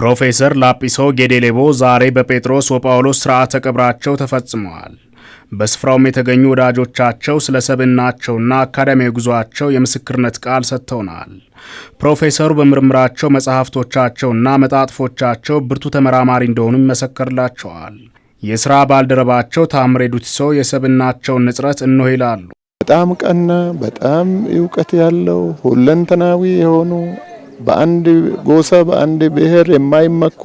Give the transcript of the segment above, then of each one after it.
ፕሮፌሰር ላጲሶ ጌዴሌቦ ዛሬ በጴጥሮስ ወጳውሎስ ሥርዓተ ቀብራቸው ተፈጽመዋል። በስፍራውም የተገኙ ወዳጆቻቸው ስለ ሰብዕናቸውና አካዳሚያዊ ጉዟቸው የምስክርነት ቃል ሰጥተውናል። ፕሮፌሰሩ በምርምራቸው መጽሐፍቶቻቸውና መጣጥፎቻቸው ብርቱ ተመራማሪ እንደሆኑ ይመሰከርላቸዋል። የሥራ ባልደረባቸው ታምሬ ዱትሶ የሰብዕናቸውን ንጽረት እንሆ ይላሉ። በጣም ቀና፣ በጣም እውቀት ያለው ሁለንተናዊ የሆኑ በአንድ ጎሳ በአንድ ብሔር የማይመኩ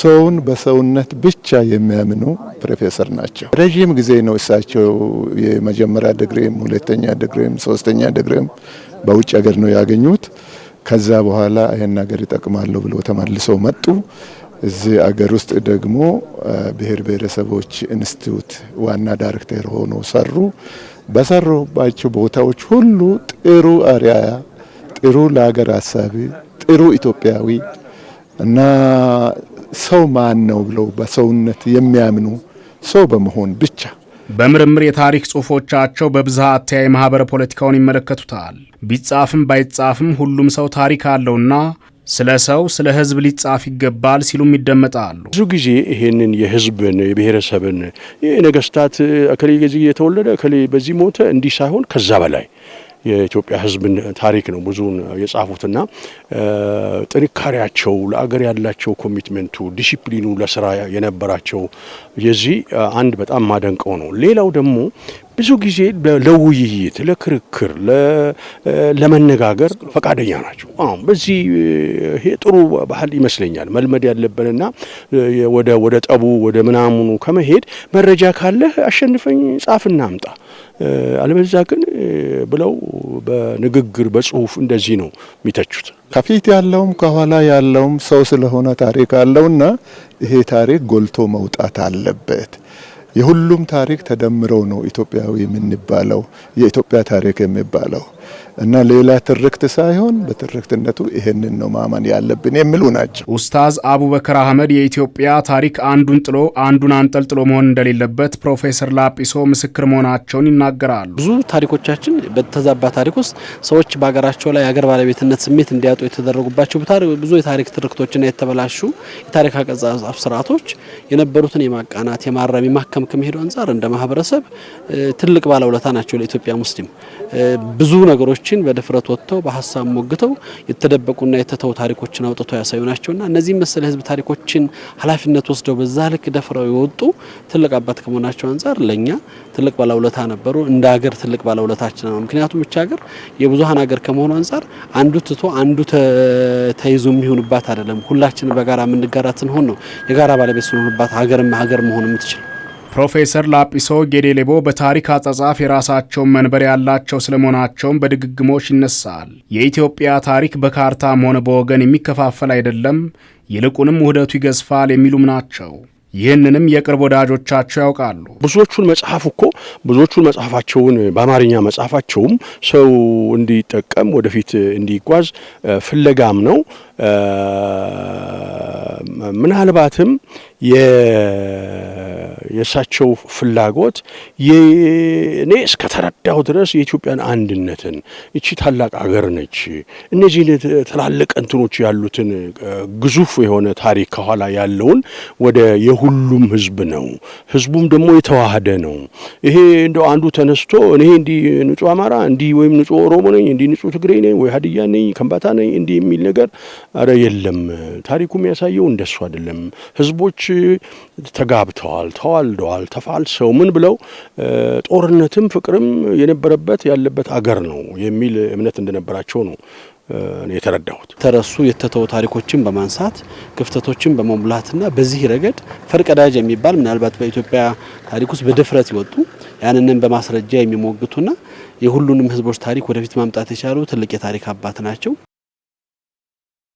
ሰውን በሰውነት ብቻ የሚያምኑ ፕሮፌሰር ናቸው። ረዥም ጊዜ ነው እሳቸው የመጀመሪያ ድግሬም ሁለተኛ ድግሬም ሶስተኛ ድግሬም በውጭ ሀገር ነው ያገኙት። ከዛ በኋላ ይህን ሀገር ይጠቅማለሁ ብሎ ተመልሰው መጡ። እዚህ አገር ውስጥ ደግሞ ብሔር ብሔረሰቦች ኢንስቲትዩት ዋና ዳይሬክተር ሆኖ ሰሩ። በሰሩባቸው ቦታዎች ሁሉ ጥሩ አርአያ ጥሩ ለሀገር አሳቢ፣ ጥሩ ኢትዮጵያዊ እና ሰው ማን ነው ብለው በሰውነት የሚያምኑ ሰው በመሆን ብቻ በምርምር የታሪክ ጽሑፎቻቸው በብዝሃ አተያይ ማኅበረ ፖለቲካውን ይመለከቱታል። ቢጻፍም ባይጻፍም ሁሉም ሰው ታሪክ አለውና ስለ ሰው ስለ ሕዝብ ሊጻፍ ይገባል ሲሉም ይደመጣሉ። ብዙ ጊዜ ይሄንን የሕዝብን የብሔረሰብን የነገስታት እከሌ የተወለደ እከሌ በዚህ ሞተ እንዲህ ሳይሆን ከዛ በላይ የኢትዮጵያ ሕዝብን ታሪክ ነው ብዙውን የጻፉትና ጥንካሬያቸው ለአገር ያላቸው ኮሚትመንቱ፣ ዲሲፕሊኑ፣ ለስራ የነበራቸው የዚህ አንድ በጣም ማደንቀው ነው። ሌላው ደግሞ ብዙ ጊዜ ለውይይት፣ ለክርክር፣ ለመነጋገር ፈቃደኛ ናቸው። አሁን በዚህ ይሄ ጥሩ ባህል ይመስለኛል መልመድ ያለብንና ወደ ጠቡ ወደ ምናምኑ ከመሄድ መረጃ ካለህ አሸንፈኝ ጻፍና አምጣ አለበለዚያ ግን ብለው በንግግር በጽሁፍ እንደዚህ ነው የሚተቹት። ከፊት ያለውም ከኋላ ያለውም ሰው ስለሆነ ታሪክ አለውና ይሄ ታሪክ ጎልቶ መውጣት አለበት። የሁሉም ታሪክ ተደምረው ነው ኢትዮጵያዊ የምንባለው የኢትዮጵያ ታሪክ የሚባለው። እና ሌላ ትርክት ሳይሆን በትርክትነቱ ይህንን ነው ማመን ያለብን የሚሉ ናቸው። ኡስታዝ አቡበከር አህመድ የኢትዮጵያ ታሪክ አንዱን ጥሎ አንዱን አንጠልጥሎ መሆን እንደሌለበት ፕሮፌሰር ላጲሶ ምስክር መሆናቸውን ይናገራሉ። ብዙ ታሪኮቻችን በተዛባ ታሪክ ውስጥ ሰዎች በሀገራቸው ላይ የሀገር ባለቤትነት ስሜት እንዲያጡ የተደረጉባቸው ብዙ የታሪክ ትርክቶችና የተበላሹ የታሪክ አቀጻጻፍ ስርዓቶች የነበሩትን የማቃናት የማረም የማከም ከመሄዱ አንጻር እንደ ማህበረሰብ ትልቅ ባለውለታ ናቸው ለኢትዮጵያ ሙስሊም ብዙ ነገሮችን በድፍረት ወጥተው በሀሳብ ሞግተው የተደበቁና የተተው ታሪኮችን አውጥተው ያሳዩ ናቸውና እነዚህ መሰል የህዝብ ታሪኮችን ኃላፊነት ወስደው በዛ ልክ ደፍረው የወጡ ትልቅ አባት ከመሆናቸው አንጻር ለእኛ ትልቅ ባለውለታ ነበሩ። እንደ ሀገር ትልቅ ባለውለታችን ነው። ምክንያቱም ብቻ ሀገር የብዙሀን ሀገር ከመሆኑ አንጻር አንዱ ትቶ አንዱ ተይዞ የሚሆንባት አይደለም። ሁላችን በጋራ የምንጋራት ስንሆን ነው የጋራ ባለቤት ስንሆንባት ሀገርም ሀገር መሆን የምትችል ፕሮፌሰር ላጲሶ ጌዴሌቦ በታሪክ አጻጻፍ የራሳቸውን መንበር ያላቸው ስለመሆናቸውም በድግግሞች ይነሳል። የኢትዮጵያ ታሪክ በካርታም ሆነ በወገን የሚከፋፈል አይደለም፣ ይልቁንም ውህደቱ ይገዝፋል የሚሉም ናቸው። ይህንንም የቅርብ ወዳጆቻቸው ያውቃሉ። ብዙዎቹን መጽሐፍ እኮ ብዙዎቹን መጽሐፋቸውን በአማርኛ መጽሐፋቸውም ሰው እንዲጠቀም ወደፊት እንዲጓዝ ፍለጋም ነው። ምናልባትም የእሳቸው ፍላጎት እኔ እስከተረዳው ድረስ የኢትዮጵያን አንድነትን እቺ ታላቅ አገር ነች፣ እነዚህ ትላልቅ እንትኖች ያሉትን ግዙፍ የሆነ ታሪክ ከኋላ ያለውን ወደ የሁሉም ህዝብ ነው፣ ህዝቡም ደግሞ የተዋህደ ነው። ይሄ እንደው አንዱ ተነስቶ እኔ እንዲህ ንጹህ አማራ እንዲህ ወይም ንጹህ ኦሮሞ ነኝ እንዲህ ንጹህ ትግሬ ነኝ ወይ ሀዲያ ነኝ ከምባታ ነኝ እንዲህ የሚል ነገር አረ የለም። ታሪኩ የሚያሳየው እንደሱ አይደለም። ህዝቦች ተጋብተዋል ተዋ ተዋልደዋል፣ ተፋልሰው ምን ብለው ጦርነትም ፍቅርም የነበረበት ያለበት አገር ነው የሚል እምነት እንደነበራቸው ነው የተረዳሁት። ተረሱ የተተው ታሪኮችን በማንሳት ክፍተቶችን በመሙላትና በዚህ ረገድ ፈርቀዳጅ የሚባል ምናልባት በኢትዮጵያ ታሪክ ውስጥ በድፍረት ይወጡ ያንንም በማስረጃ የሚሞግቱና የሁሉንም ሕዝቦች ታሪክ ወደፊት ማምጣት የቻሉ ትልቅ የታሪክ አባት ናቸው።